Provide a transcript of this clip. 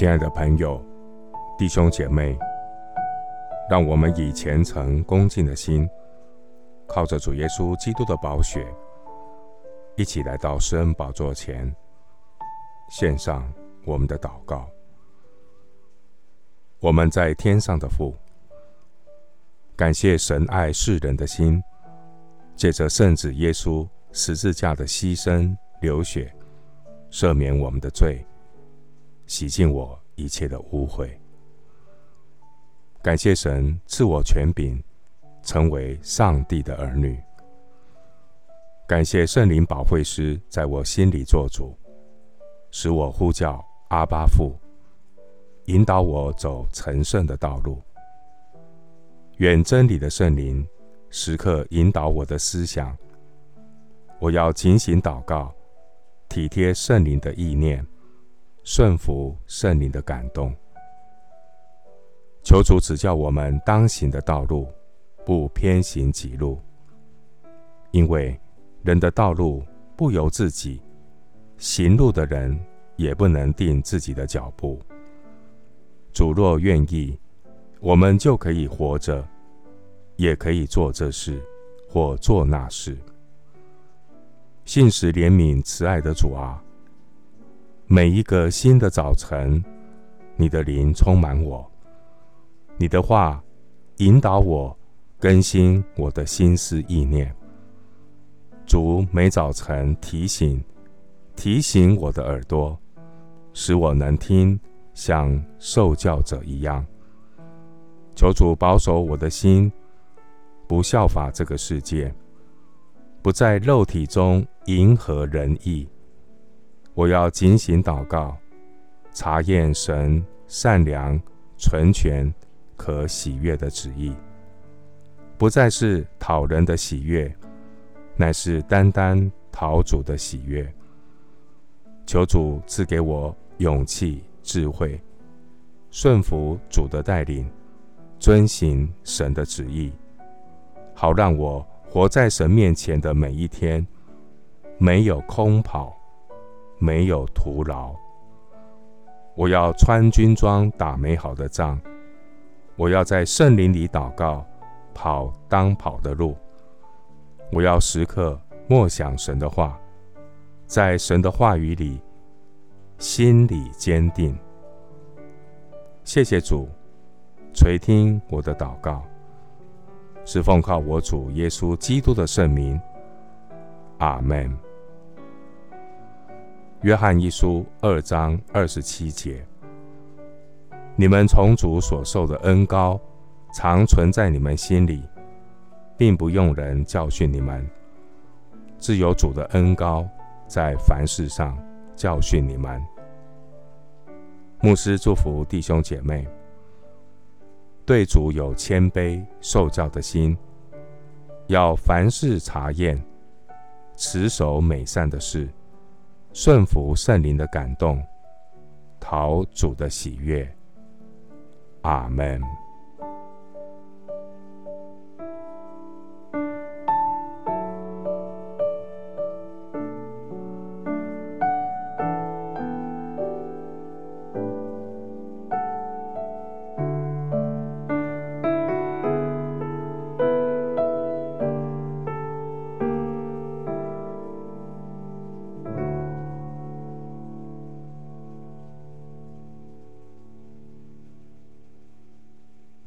親愛的朋友、弟兄姐妹，讓我們以虔誠恭敬的心，靠着主耶穌基督的寶血，一起來到施恩寶座前，獻上我們的禱告。我們在天上的父，感謝神愛世人的心，借着聖子耶穌十字架的犧牲流血，赦免我們的罪。洗淨我一切的污穢，感謝神賜我權柄，成為上帝的兒女。感謝聖靈保惠師在我心裡做主，使我呼叫阿爸父，引導我走成聖的道路。願真理的聖靈時刻引導我的思想，我要警醒禱告，體貼聖靈的意念。順服聖靈的感動，求主指教我們當行的道路，不偏行己路。因為人的道路不由自己，行路的人也不能定自己的腳步。主若願意，我們就可以活着，也可以做這事或做那事。信實、憐憫、慈愛的主啊！每一個新的早晨，你的靈充滿我，你的話引導我，更新我的心思意念。主每早晨提醒提醒我的耳朵，使我能聽，像受教者一樣。求主保守我的心，不效法這個世界，不在肉體中迎合人意。我要警醒禱告，查驗神善良、純全、可喜悅的旨意，不再是討人的喜悅，乃是單單討主的喜悅。求主賜給我勇氣、智慧，順服主的帶領，遵行神的旨意，好讓我活在神面前的每一天沒有空跑。沒有徒勞。我要穿軍裝打美好的仗，我要在聖靈裡禱告，跑當跑的路。我要時刻默想神的話，在神的話語裡心裡堅定。謝謝主垂聽我的禱告，是奉靠我主耶穌基督的聖名，阿門。約翰一書二章二十七節：你們從主所受的恩膏，常存在你們心裡，並不用人教訓你們；自有主的恩膏在凡事上教訓你們。牧師祝福弟兄姐妹：對主有謙卑受教的心，要凡事查驗，持守美善的事。順服聖靈的感動，討主的喜悅。阿門。